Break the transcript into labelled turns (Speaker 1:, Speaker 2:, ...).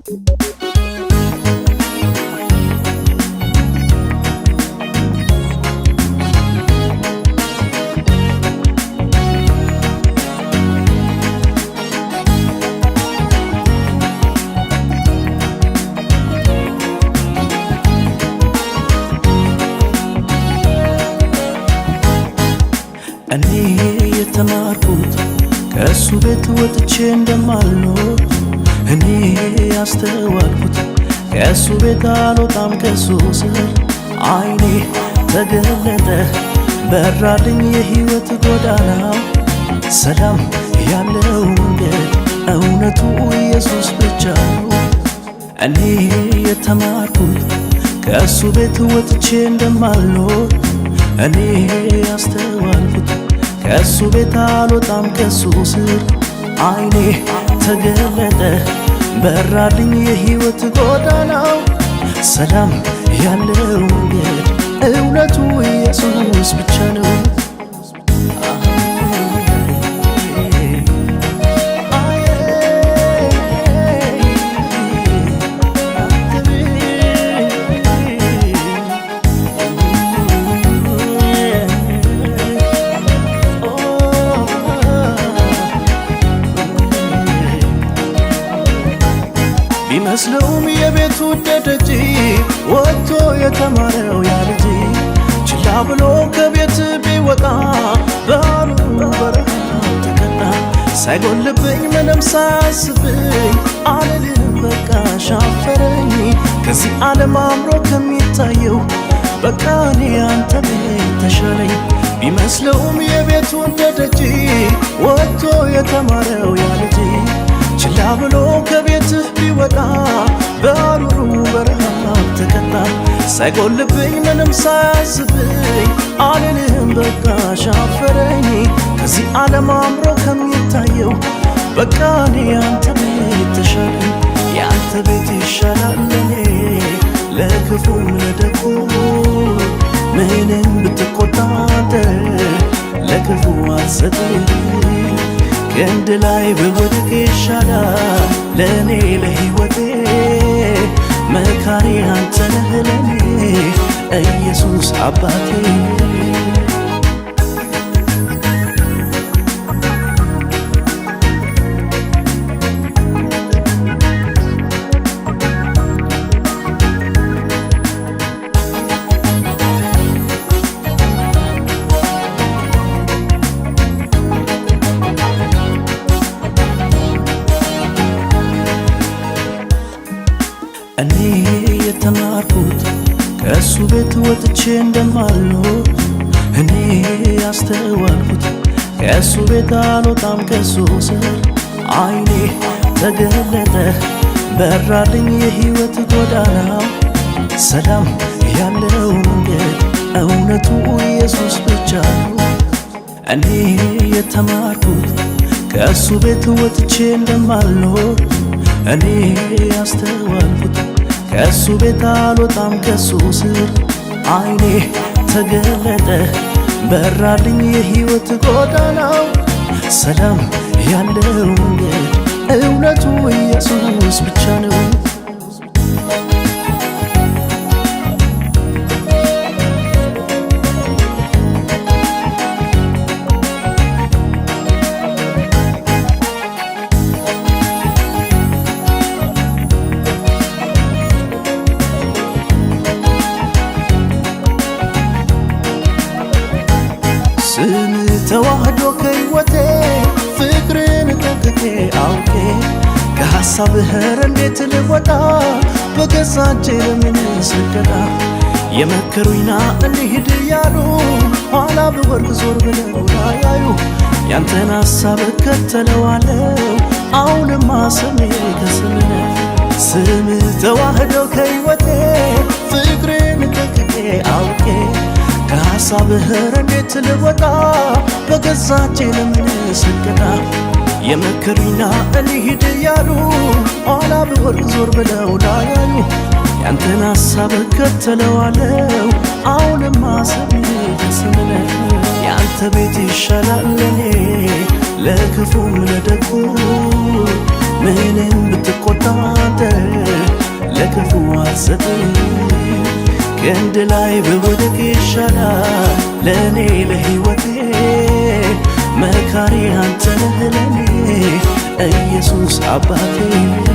Speaker 1: እኔ የተማርኩት ከእሱ ቤት ወጥቼ እንደማልኖር እኔ ያስተዋልኩት ከእሱ ቤት አልወጣም ከእሱ ስር አይኔ ተገለጠ በራልኝ የህይወት ጎዳና ሰላም ያለው መንገድ እውነቱ ኢየሱስ ብቻ ነው። እኔ የተማርኩት ከእሱ ቤት ወጥቼ እንደማልኖር እኔ ያስተዋልኩት ከእሱ ቤት አልወጣም ከእሱ ስር አይኔ ተገለጠ በራልኝ የህይወት ጎዳናው ሰላም ያለው ቤት
Speaker 2: አይመስለውም የቤቱ ደደጅ ወጥቶ የተማረው ያ ልጅ ችላ ብሎ ከቤት ቢወጣ በአሉ በረሃ ተቀጣ። ሳይጎልብኝ ምንም ሳያስብኝ አልልም በቃ ሻፈረኝ ከዚህ ዓለም አምሮ ከሚታየው በቃ እኔ ያንተ ቤት ተሻለኝ። ቢመስለውም የቤቱ ደደጅ ወጥቶ የተማረው ያ ልጅ ችላ ብሎ ከቤትህ ቢወጣ ሳይጎልብኝ ምንም ሳያስብኝ አልልህም በቃ ሻፈረኝ ከዚህ ዓለም አምሮ ከሚታየው በቃ እኔ ያንተ ቤት ተሻለ ያንተ ቤት ይሻላል ለኔ ለክፉም ለደጉ ምንም ብትቆጣጠር ለክፉ አልሰጥም ክንድ ላይ ብወድቅ ይሻላል ለእኔ ለሕይወቴ መካሪ አንተ ነህ አባቴ
Speaker 1: እኔ የተማርኩት እሱ ቤት ወጥቼ እንደማልኖር እኔ ያስተዋልኩት ከእሱ ቤት አልወጣም ከእሱ ስር አይኔ ተገለጠ በራልኝ የህይወት ጎዳና ሰላም ያለው መንገድ እውነቱ ኢየሱስ ብቻ ነው። እኔ የተማርኩት ከእሱ ቤት ወጥቼ እንደማልኖር እኔ ያስተዋልኩት ከሱ ቤት አልወጣም ከሱ ስር አይኔ ተገለጠ በራልኝ የሕይወት ጎዳናው ሰላም ያለው እውነቱ ኢየሱስ ብቻ ነው።
Speaker 2: ሳብህር እንዴት ልወጣ በገዛ ለምን ሰገዳ የመከሩኝና እንሂድ እያሉ ኋላ ብወርቅ ዞር ብለው ያዩ ያንተን ሀሳብ እከተለዋለው አሁንማ ስሜ ከስም ስም ተዋህደው ከሕይወቴ ፍቅሬን ጠቅቄ አውቄ ከሀሳብህ እንዴት ልወጣ በገዛቼ ለምን ስገዳ የመከሩኝና እልሂድ እያሉ ብወር ዞር ብለው ላያሉ ያንተን ሀሳብ እከተለዋለው አሁንም ማሰብ ስምነ ያንተ ቤት ይሻላል ለኔ ለክፉም ለደጉ ምንም ብትቆጣተ ለክፉ አሰጥ ክንድ ላይ ብወደግ ይሻላል ለእኔ ለህይወት አባቴ